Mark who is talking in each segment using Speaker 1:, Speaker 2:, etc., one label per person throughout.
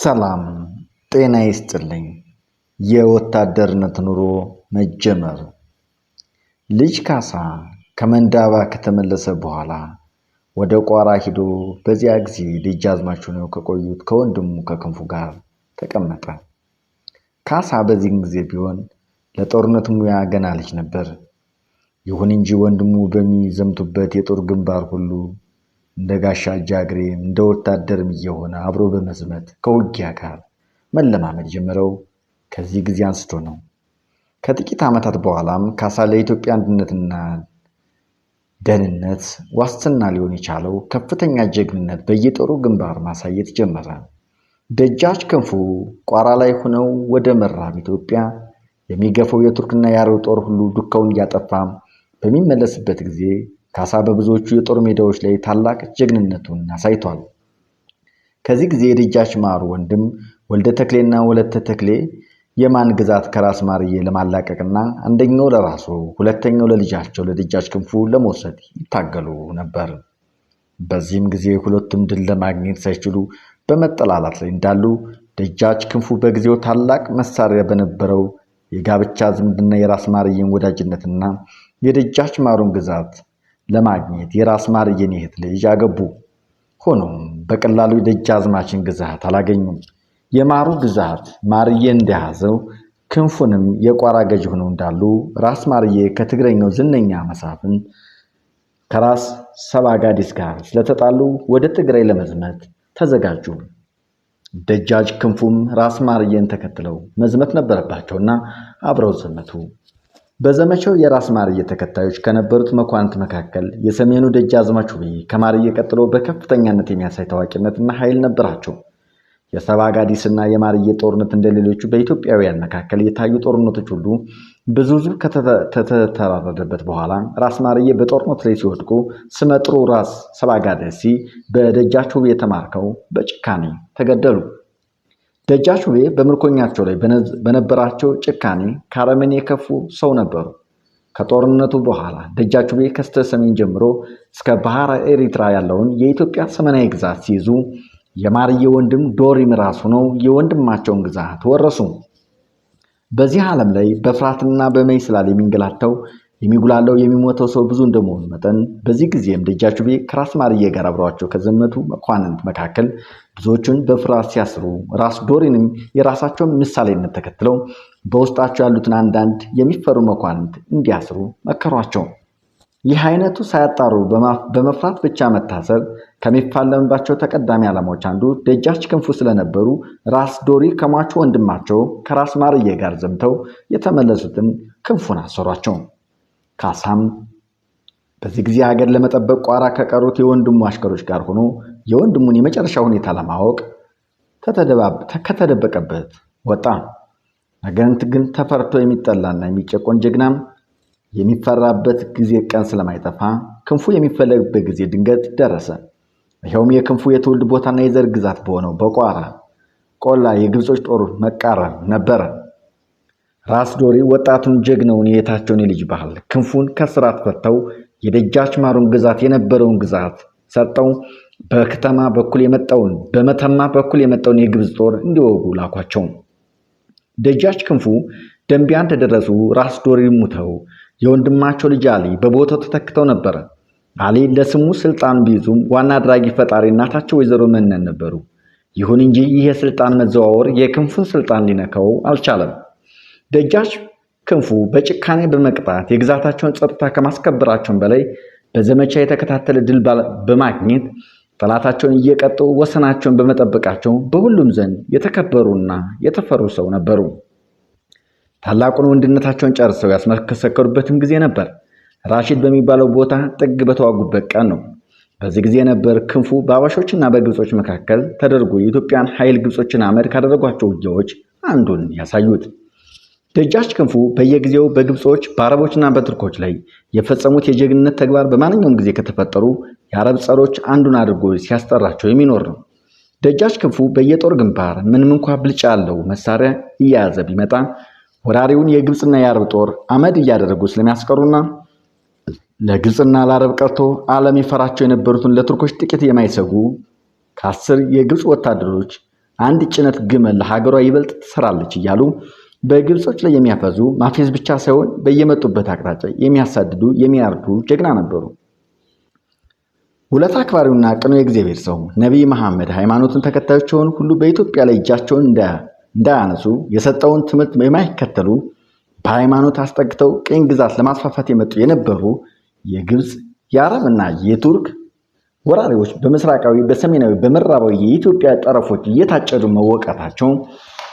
Speaker 1: ሰላም ጤና ይስጥልኝ። የወታደርነት ኑሮ መጀመር። ልጅ ካሳ ከመንዳባ ከተመለሰ በኋላ ወደ ቋራ ሂዶ በዚያ ጊዜ ልጅ አዝማች ሆነው ከቆዩት ከወንድሙ ከክንፉ ጋር ተቀመጠ። ካሳ በዚህን ጊዜ ቢሆን ለጦርነት ሙያ ገና ልጅ ነበር። ይሁን እንጂ ወንድሙ በሚዘምቱበት የጦር ግንባር ሁሉ እንደ ጋሻ ጃግሬም እንደ ወታደርም እየሆነ አብሮ በመዝመት ከውጊያ ጋር መለማመድ ጀምረው ከዚህ ጊዜ አንስቶ ነው። ከጥቂት ዓመታት በኋላም ካሳ ለኢትዮጵያ አንድነትና ደህንነት ዋስትና ሊሆን የቻለው ከፍተኛ ጀግንነት በየጦሩ ግንባር ማሳየት ጀመረ። ደጃች ክንፉ ቋራ ላይ ሆነው ወደ መራብ ኢትዮጵያ የሚገፈው የቱርክና የአረብ ጦር ሁሉ ዱካውን እያጠፋ በሚመለስበት ጊዜ ካሳ በብዙዎቹ የጦር ሜዳዎች ላይ ታላቅ ጀግንነቱን አሳይቷል። ከዚህ ጊዜ የደጃች ማሩ ወንድም ወልደ ተክሌና ወለተ ተክሌ የማን ግዛት ከራስ ማርዬ ለማላቀቅና አንደኛው ለራሱ ሁለተኛው ለልጃቸው ለደጃች ክንፉ ለመውሰድ ይታገሉ ነበር። በዚህም ጊዜ ሁለቱም ድል ለማግኘት ሳይችሉ በመጠላላት ላይ እንዳሉ ደጃች ክንፉ በጊዜው ታላቅ መሳሪያ በነበረው የጋብቻ ዝምድና የራስ ማርዬን ወዳጅነትና የደጃች ማሩን ግዛት ለማግኘት የራስ ማርዬን እህት ልጅ አገቡ። ሆኖም በቀላሉ የደጃዝማችን ግዛት አላገኙም። የማሩ ግዛት ማርዬን እንደያዘው ክንፉንም የቋራ ገዥ ሆነው እንዳሉ ራስ ማርዬ ከትግረኛው ዝነኛ መሳፍን ከራስ ሰባጋዲስ ጋር ስለተጣሉ ወደ ትግራይ ለመዝመት ተዘጋጁ። ደጃጅ ክንፉም ራስ ማርዬን ተከትለው መዝመት ነበረባቸውና አብረው ዘመቱ። በዘመቻው የራስ ማርዬ ተከታዮች ከነበሩት መኳንንት መካከል የሰሜኑ ደጃዝማች ውብዬ ከማርየ ቀጥሎ በከፍተኛነት የሚያሳይ ታዋቂነትና ኃይል ነበራቸው። የሰባ እና የማርየ ጦርነት እንደሌሎቹ በኢትዮጵያውያን መካከል የታዩ ጦርነቶች ሁሉ ብዙ ሕዝብ ከተተራረደበት በኋላ ራስ ማርዬ በጦርነት ላይ ሲወድቁ ስመጥሩ ራስ ሰባ ጋዲሲ በደጃቸው የተማርከው በጭካኔ ተገደሉ። ደጃቹቤ በምርኮኛቸው ላይ በነበራቸው ጭካኔ ከአረመኔ የከፉ ሰው ነበሩ። ከጦርነቱ በኋላ ደጃቹቤ ከስተ ሰሜን ጀምሮ እስከ ባህረ ኤሪትራ ያለውን የኢትዮጵያ ሰሜናዊ ግዛት ሲይዙ የማርዬ ወንድም ዶሪም ራስ ሆነው የወንድማቸውን ግዛት ወረሱ። በዚህ ዓለም ላይ በፍርሃትና በመይ ስላል የሚንገላተው የሚጉላለው የሚሞተው ሰው ብዙ እንደመሆኑ መጠን በዚህ ጊዜም ደጃችሁ ቤ ከራስ ማርዬ ጋር አብረዋቸው ከዘመቱ መኳንንት መካከል ብዙዎቹን በፍርሃት ሲያስሩ ራስ ዶሪንም የራሳቸውን ምሳሌነት ተከትለው በውስጣቸው ያሉትን አንዳንድ የሚፈሩ መኳንንት እንዲያስሩ መከሯቸው። ይህ አይነቱ ሳያጣሩ በመፍራት ብቻ መታሰር ከሚፋለምባቸው ተቀዳሚ ዓላማዎች አንዱ ደጃች ክንፉ ስለነበሩ ራስ ዶሪ ከሟቹ ወንድማቸው ከራስ ማርዬ ጋር ዘምተው የተመለሱትን ክንፉን አሰሯቸው። ካሳም በዚህ ጊዜ ሀገር ለመጠበቅ ቋራ ከቀሩት የወንድሙ አሽከሮች ጋር ሆኖ የወንድሙን የመጨረሻ ሁኔታ ለማወቅ ከተደበቀበት ወጣ። ነገንት ግን ተፈርቶ የሚጠላና የሚጨቆን ጀግናም የሚፈራበት ጊዜ ቀን ስለማይጠፋ ክንፉ የሚፈለግበት ጊዜ ድንገት ደረሰ። ይኸውም የክንፉ የትውልድ ቦታና የዘር ግዛት በሆነው በቋራ ቆላ የግብጾች ጦር መቃረብ ነበረን። ራስ ዶሬ ወጣቱን ጀግናውን የታቸውን የልጅ ባህል ክንፉን ከስራት ፈተው የደጃች ማሩን ግዛት የነበረውን ግዛት ሰጠው። በከተማ በኩል የመጣውን በመተማ በኩል የመጣውን የግብፅ ጦር እንዲወጉ ላኳቸው። ደጃች ክንፉ ደንቢያ እንደደረሱ ራስ ዶሬ ሙተው የወንድማቸው ልጅ አሊ በቦታው ተተክተው ነበረ። አሊ ለስሙ ስልጣን ቢይዙም ዋና አድራጊ ፈጣሪ እናታቸው ወይዘሮ መነን ነበሩ። ይሁን እንጂ ይህ የስልጣን መዘዋወር የክንፉን ስልጣን ሊነካው አልቻለም። ደጃች ክንፉ በጭካኔ በመቅጣት የግዛታቸውን ጸጥታ ከማስከበራቸውን በላይ በዘመቻ የተከታተለ ድል በማግኘት ጠላታቸውን እየቀጡ ወሰናቸውን በመጠበቃቸው በሁሉም ዘንድ የተከበሩና የተፈሩ ሰው ነበሩ። ታላቁን ወንድነታቸውን ጨርሰው ያስመሰከሩበትም ጊዜ ነበር። ራሺድ በሚባለው ቦታ ጥግ በተዋጉበት ቀን ነው። በዚህ ጊዜ ነበር ክንፉ በአባሾችና በግብጾች መካከል ተደርጎ የኢትዮጵያን ኃይል ግብጾችን አመድ ካደረጓቸው ውጊያዎች አንዱን ያሳዩት። ደጃች ክንፉ በየጊዜው በግብጾች በአረቦችና በትርኮች ላይ የፈጸሙት የጀግንነት ተግባር በማንኛውም ጊዜ ከተፈጠሩ የአረብ ጸሮች አንዱን አድርጎ ሲያስጠራቸው የሚኖር ነው። ደጃች ክንፉ በየጦር ግንባር ምንም እንኳ ብልጫ ያለው መሳሪያ እየያዘ ቢመጣ ወራሪውን የግብፅና የአረብ ጦር አመድ እያደረጉ ስለሚያስቀሩና ለግብፅና ለአረብ ቀርቶ ዓለም ይፈራቸው የነበሩትን ለቱርኮች ጥቂት የማይሰጉ ከአስር የግብፅ ወታደሮች አንድ ጭነት ግመል ለሀገሯ ይበልጥ ትሰራለች እያሉ በግብጾች ላይ የሚያፈዙ ማፌዝ ብቻ ሳይሆን በየመጡበት አቅጣጫ የሚያሳድዱ የሚያርዱ ጀግና ነበሩ። ሁለት አክባሪውና ቅኑ የእግዚአብሔር ሰው ነቢይ መሐመድ ሃይማኖትን ተከታዮች የሆኑ ሁሉ በኢትዮጵያ ላይ እጃቸውን እንዳያነሱ የሰጠውን ትምህርት የማይከተሉ በሃይማኖት አስጠግተው ቅኝ ግዛት ለማስፋፋት የመጡ የነበሩ የግብፅ የአረብ እና የቱርክ ወራሪዎች በምስራቃዊ፣ በሰሜናዊ፣ በምዕራባዊ የኢትዮጵያ ጠረፎች እየታጨዱ መወቃታቸው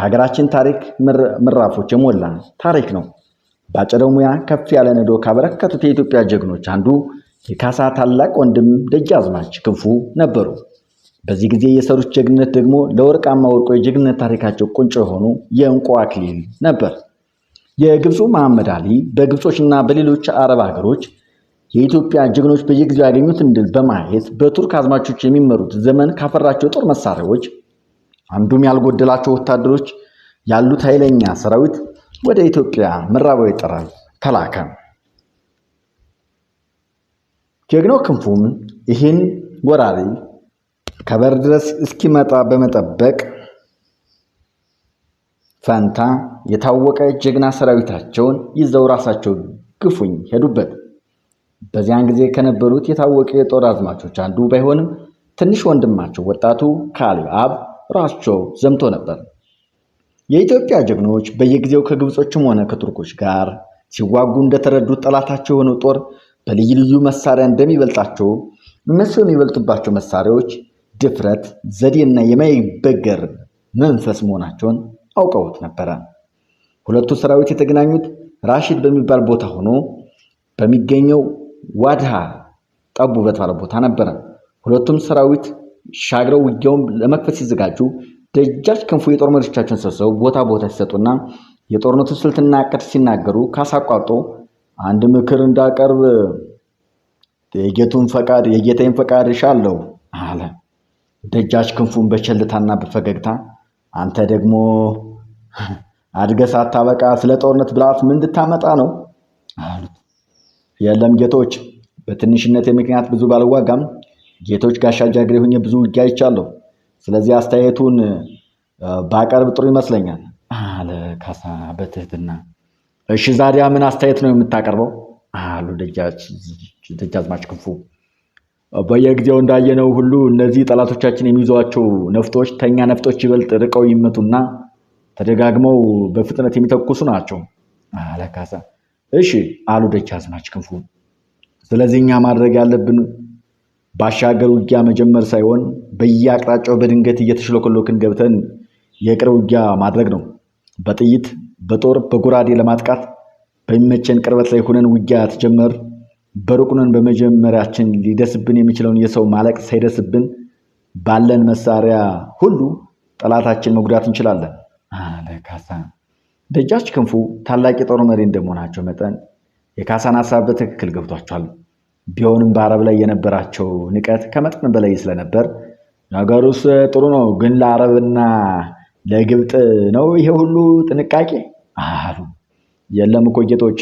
Speaker 1: ሀገራችን ታሪክ ምዕራፎች የሞላ ታሪክ ነው። ባጭደው ሙያ ከፍ ያለ ነዶ ካበረከቱት የኢትዮጵያ ጀግኖች አንዱ የካሳ ታላቅ ወንድም ደጃዝማች ክንፉ ነበሩ። በዚህ ጊዜ የሰሩት ጀግንነት ደግሞ ለወርቃማ ወርቆ የጀግንነት ታሪካቸው ቁንጮ የሆኑ የእንቁ አክሊል ነበር። የግብፁ መሐመድ አሊ በግብጾችና በሌሎች አረብ ሀገሮች የኢትዮጵያ ጀግኖች በየጊዜው ያገኙትን ድል በማየት በቱርክ አዝማቾች የሚመሩት ዘመን ካፈራቸው ጦር መሳሪያዎች አንዱም ያልጎደላቸው ወታደሮች ያሉት ኃይለኛ ሰራዊት ወደ ኢትዮጵያ ምዕራባዊ ጠረፍ ተላከ። ጀግናው ክንፉም ይህን ወራሪ ከበር ድረስ እስኪመጣ በመጠበቅ ፈንታ የታወቀ ጀግና ሰራዊታቸውን ይዘው ራሳቸው ግፉኝ ሄዱበት። በዚያን ጊዜ ከነበሩት የታወቀ የጦር አዝማቾች አንዱ ባይሆንም ትንሽ ወንድማቸው ወጣቱ አብ ራሳቸው ዘምቶ ነበር። የኢትዮጵያ ጀግኖች በየጊዜው ከግብጾችም ሆነ ከቱርኮች ጋር ሲዋጉ እንደተረዱት ጠላታቸው የሆነው ጦር በልዩ ልዩ መሳሪያ እንደሚበልጣቸው እነሱ የሚበልጡባቸው መሳሪያዎች ድፍረት፣ ዘዴና የማይበገር መንፈስ መሆናቸውን አውቀውት ነበረ። ሁለቱ ሰራዊት የተገናኙት ራሺድ በሚባል ቦታ ሆኖ በሚገኘው ዋድሃ ጠቡ በተባለ ቦታ ነበረ። ሁለቱም ሰራዊት ሻግረው ውጊያውን ለመክፈት ሲዘጋጁ ደጃች ክንፉ የጦር መሪዎቻቸውን ሰብስበው ቦታ ቦታ ሲሰጡና የጦርነቱን ስልትና ዕቅድ ሲናገሩ ካሳቋርጦ አቋርጦ አንድ ምክር እንዳቀርብ የጌቱን ፈቃድ የጌታዬን ፈቃድ እሻለሁ አለ። ደጃች ክንፉን በቸልታና በፈገግታ አንተ ደግሞ አድገ ሳታበቃ ስለ ጦርነት ብላት ምን እንድታመጣ ነው አሉት። የለም ጌቶች፣ በትንሽነት ምክንያት ብዙ ባልዋጋም ጌቶች ጋሻ ጃግሬ ሆኜ ብዙ ውጊያ አይቻለሁ። ስለዚህ አስተያየቱን ባቀርብ ጥሩ ይመስለኛል አለ ካሳ በትህትና። እሺ ዛዲያ ምን አስተያየት ነው የምታቀርበው? አሉ ደጃዝማች ክንፉ። በየጊዜው እንዳየነው ሁሉ እነዚህ ጠላቶቻችን የሚይዟቸው ነፍጦች ተኛ ነፍጦች ይበልጥ ርቀው ይመቱና ተደጋግመው በፍጥነት የሚተኩሱ ናቸው አለ ካሳ። እሺ አሉ ደጃዝማች ክንፉ። ስለዚህ እኛ ማድረግ ያለብን ባሻገር ውጊያ መጀመር ሳይሆን በየአቅጣጫው በድንገት እየተሽለኮለክን ገብተን የቅርብ ውጊያ ማድረግ ነው። በጥይት በጦር በጉራዴ ለማጥቃት በሚመቸን ቅርበት ላይ ሆነን ውጊያ ተጀመር በሩቁንን በመጀመሪያችን ሊደርስብን የሚችለውን የሰው ማለቅ ሳይደርስብን ባለን መሳሪያ ሁሉ ጠላታችን መጉዳት እንችላለን አለ ካሳ። ደጃች ክንፉ ታላቅ የጦር መሪ እንደመሆናቸው መጠን የካሳን ሀሳብ በትክክል ገብቷቸዋል። ቢሆንም በአረብ ላይ የነበራቸው ንቀት ከመጠን በላይ ስለነበር ነገሩስ ጥሩ ነው፣ ግን ለአረብና ለግብጥ ነው ይሄ ሁሉ ጥንቃቄ አሉ። የለም እኮ ጌቶች፣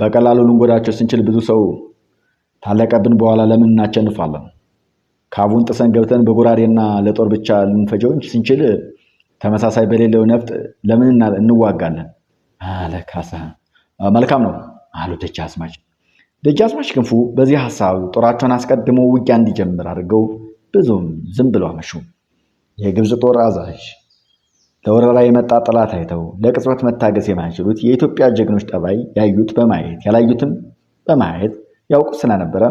Speaker 1: በቀላሉ ልንጎዳቸው ስንችል ብዙ ሰው ታለቀብን በኋላ ለምን እናቸንፋለን? ካቡን ጥሰን ገብተን በጉራሬና ለጦር ብቻ ልንፈጀው ስንችል ተመሳሳይ በሌለው ነፍጥ ለምን እንዋጋለን? አለ ካሳ። መልካም ነው አሉ ደጃዝማች። ደጃዝማች ክንፉ በዚህ ሐሳብ ጦራቸውን አስቀድሞ ውጊያ እንዲጀምር አድርገው ብዙም ዝም ብሎ አመሹ። የግብፅ ጦር አዛዥ ለወረራ የመጣ ጠላት አይተው ለቅጽበት መታገስ የማይችሉት የኢትዮጵያ ጀግኖች ጠባይ ያዩት በማየት ያላዩትም በማየት ያውቁት ስለነበረ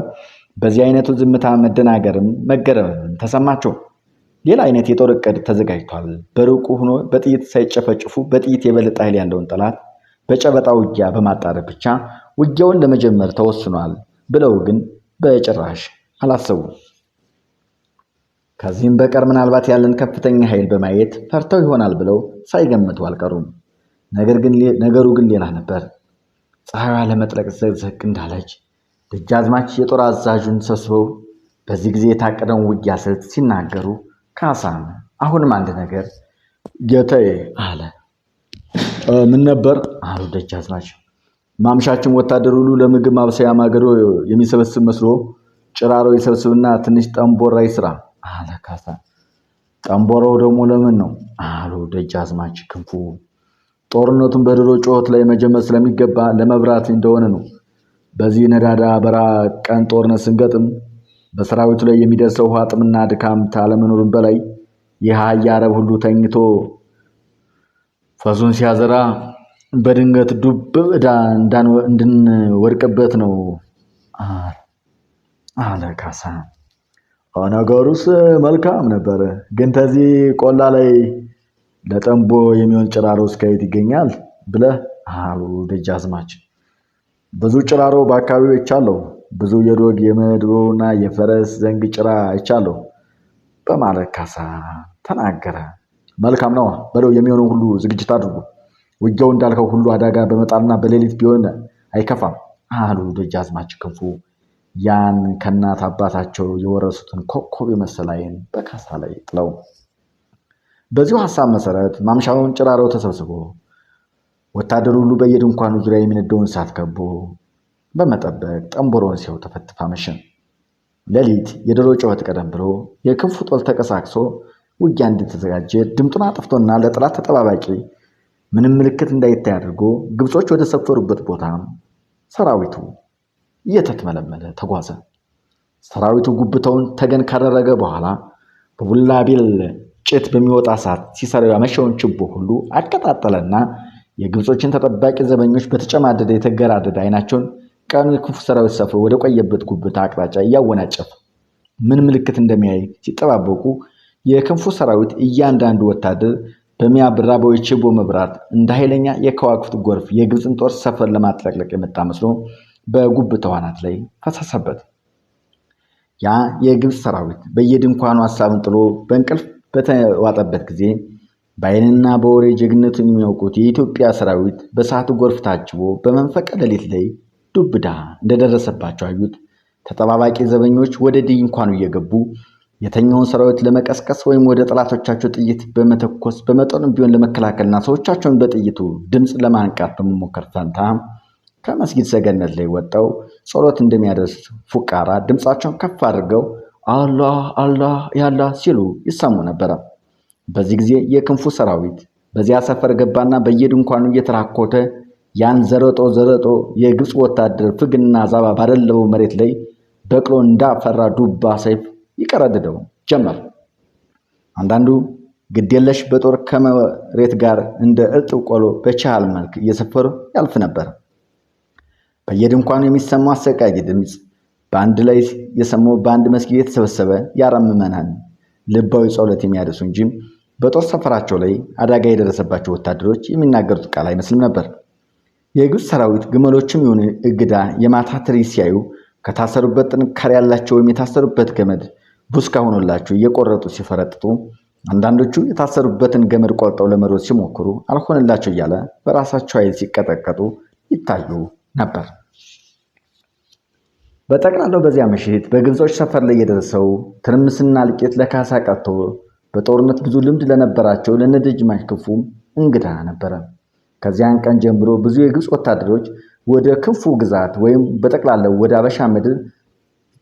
Speaker 1: በዚህ አይነቱ ዝምታ መደናገርም መገረምም ተሰማቸው። ሌላ አይነት የጦር እቅድ ተዘጋጅቷል። በሩቁ ሆኖ በጥይት ሳይጨፈጭፉ በጥይት የበለጠ ኃይል ያለውን ጠላት በጨበጣ ውጊያ በማጣረብ ብቻ ውጊያውን ለመጀመር ተወስኗል ብለው ግን በጭራሽ አላሰቡም። ከዚህም በቀር ምናልባት ያለን ከፍተኛ ኃይል በማየት ፈርተው ይሆናል ብለው ሳይገምቱ አልቀሩም። ነገሩ ግን ሌላ ነበር። ፀሐይዋ ለመጥለቅ ዘቅዘቅ እንዳለች ደጃዝማች የጦር አዛዡን ሰብስበው በዚህ ጊዜ የታቀደውን ውጊያ ስልት ሲናገሩ ካሳም አሁንም አንድ ነገር ጌታዬ አለ። ምን ነበር አሉ ደጃዝማች። ማምሻችን ወታደር ሁሉ ለምግብ ማብሰያ ማገዶ የሚሰበስብ መስሎ ጭራሮ ይሰብስብና ትንሽ ጠንቦራ ይስራ አለ ካሳ። ጠንቦራው ደግሞ ለምን ነው አሉ ደጃዝማች ክንፉ። ጦርነቱን በድሮ ጩኸት ላይ መጀመር ስለሚገባ ለመብራት እንደሆነ ነው። በዚህ ነዳዳ በራ ቀን ጦርነት ስንገጥም በሰራዊቱ ላይ የሚደርሰው ውሃ ጥምና ድካም ታለመኖርም በላይ ይህ አረብ ሁሉ ተኝቶ ፈሱን ሲያዘራ በድንገት ዱብ እዳ እንድንወድቅበት ነው አለ ካሳ። ነገሩስ መልካም ነበር፣ ግን ተዚህ ቆላ ላይ ለጠንቦ የሚሆን ጭራሮ እስከየት ይገኛል ብለህ አሉ ደጃዝማች። ብዙ ጭራሮ በአካባቢው ይቻለሁ፣ ብዙ የዶግ የመድቦና የፈረስ ዘንግ ጭራ ይቻለሁ በማለት ካሳ ተናገረ። መልካም ነው በለው፣ የሚሆነው ሁሉ ዝግጅት አድርጉ። ውጊያው እንዳልከው ሁሉ አደጋ በመጣልና በሌሊት ቢሆን አይከፋም አሉ ደጃዝማች ክንፉ። ያን ከእናት አባታቸው የወረሱትን ኮከብ የመሰለ አይን በካሳ ላይ ጥለው በዚሁ ሀሳብ መሰረት ማምሻውን ጭራረው ተሰብስቦ ወታደሩ ሁሉ በየድንኳኑ ዙሪያ የሚነደውን እሳት ከቦ በመጠበቅ ጠንቦሮን ሲያው ተፈትፋ መሸ። ሌሊት የዶሮ ጩኸት ቀደም ብሎ የክንፉ ጦል ተቀሳቅሶ ውጊያ እንደተዘጋጀ ድምጡን አጥፍቶና ለጠላት ተጠባባቂ ምንም ምልክት እንዳይታይ አድርጎ ግብጾች ወደ ሰፈሩበት ቦታም ሰራዊቱ እየተትመለመለ ተጓዘ። ሰራዊቱ ጉብታውን ተገን ካደረገ በኋላ በቡላቤል ጭት በሚወጣ እሳት ሲሰራው ያመሸውን ችቦ ሁሉ አቀጣጠለና የግብጾችን ተጠባቂ ዘበኞች በተጨማደደ የተገራደደ አይናቸውን ቀኑ የክፉ ሰራዊት ሰፍሮ ወደ ቆየበት ጉብታ አቅጣጫ እያወናጨፈ ምን ምልክት እንደሚያይ ሲጠባበቁ የክንፉ ሰራዊት እያንዳንዱ ወታደር በሚያብራባው የችቦ መብራት እንደ ኃይለኛ የከዋክፍት ጎርፍ የግብፅን ጦር ሰፈር ለማጥለቅለቅ የመጣ መስሎ በጉብ ተዋናት ላይ ፈሰሰበት። ያ የግብፅ ሰራዊት በየድንኳኑ ሀሳብን ጥሎ በእንቅልፍ በተዋጠበት ጊዜ በአይንና በወሬ ጀግነቱን የሚያውቁት የኢትዮጵያ ሰራዊት በሰዓቱ ጎርፍ ታጅቦ በመንፈቀ ሌሊት ላይ ዱብዳ እንደደረሰባቸው አዩት። ተጠባባቂ ዘበኞች ወደ ድንኳኑ እየገቡ የተኛውን ሰራዊት ለመቀስቀስ ወይም ወደ ጠላቶቻቸው ጥይት በመተኮስ በመጠኑም ቢሆን ለመከላከልና ሰዎቻቸውን በጥይቱ ድምፅ ለማንቃት በመሞከር ፈንታ ከመስጊድ ሰገነት ላይ ወጠው ጸሎት እንደሚያደርስ ፉቃራ ድምፃቸውን ከፍ አድርገው አላህ አላህ ያላ ሲሉ ይሰሙ ነበረ። በዚህ ጊዜ የክንፉ ሰራዊት በዚያ ሰፈር ገባና በየድንኳኑ እየተራኮተ ያን ዘረጦ ዘረጦ የግብፅ ወታደር ፍግና ዛባ ባደለበው መሬት ላይ በቅሎ እንዳፈራ ዱባ ሰይፍ ይቀረድደው ጀመር። አንዳንዱ ግዴለሽ በጦር ከመሬት ጋር እንደ እርጥብ ቆሎ በቻል መልክ እየሰፈሩ ያልፍ ነበር። በየድንኳኑ የሚሰማው አሰቃቂ ድምፅ በአንድ ላይ የሰማው በአንድ መስጊድ የተሰበሰበ የአራም ልባዊ ጸሎት የሚያደርሱ እንጂ በጦር ሰፈራቸው ላይ አደጋ የደረሰባቸው ወታደሮች የሚናገሩት ቃል አይመስልም ነበር። የግብፅ ሰራዊት ግመሎችም የሆነ እግዳ የማታ ሲያዩ ከታሰሩበት ጥንካሬ ያላቸው ወይም የታሰሩበት ገመድ ቡስካ ሆኖላቸው እየቆረጡ ሲፈረጥጡ፣ አንዳንዶቹ የታሰሩበትን ገመድ ቆርጠው ለመሮጥ ሲሞክሩ አልሆነላቸው እያለ በራሳቸው ኃይል ሲቀጠቀጡ ይታዩ ነበር። በጠቅላላው በዚያ ምሽት በግብጾች ሰፈር ላይ የደረሰው ትርምስና እልቂት ለካሳ ቀርቶ በጦርነት ብዙ ልምድ ለነበራቸው ለነደጅማች ክንፉ እንግዳ ነበረ። ከዚያን ቀን ጀምሮ ብዙ የግብፅ ወታደሮች ወደ ክፉ ግዛት ወይም በጠቅላላው ወደ አበሻ ምድር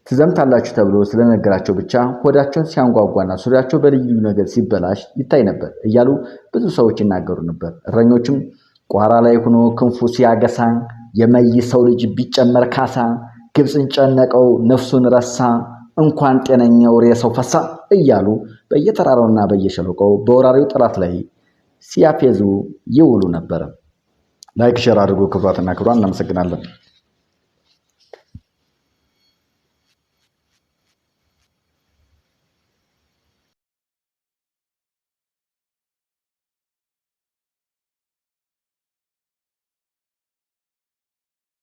Speaker 1: ትዘምታላችሁ ተብሎ ስለነገራቸው ብቻ ሆዳቸውን ሲያንጓጓና ሱሪያቸው በልዩ ልዩ ነገር ሲበላሽ ይታይ ነበር እያሉ ብዙ ሰዎች ይናገሩ ነበር። እረኞችም ቋራ ላይ ሆኖ ክንፉ ሲያገሳ የመይ ሰው ልጅ ቢጨመር ካሳ፣ ግብፅን ጨነቀው ነፍሱን ረሳ፣ እንኳን ጤነኛው ሬሰው ፈሳ እያሉ በየተራራውና በየሸለቆው በወራሪው ጠላት ላይ ሲያፌዙ ይውሉ ነበር። ላይክ ሸር አድርጎ ክብራትና ክብሯን እናመሰግናለን።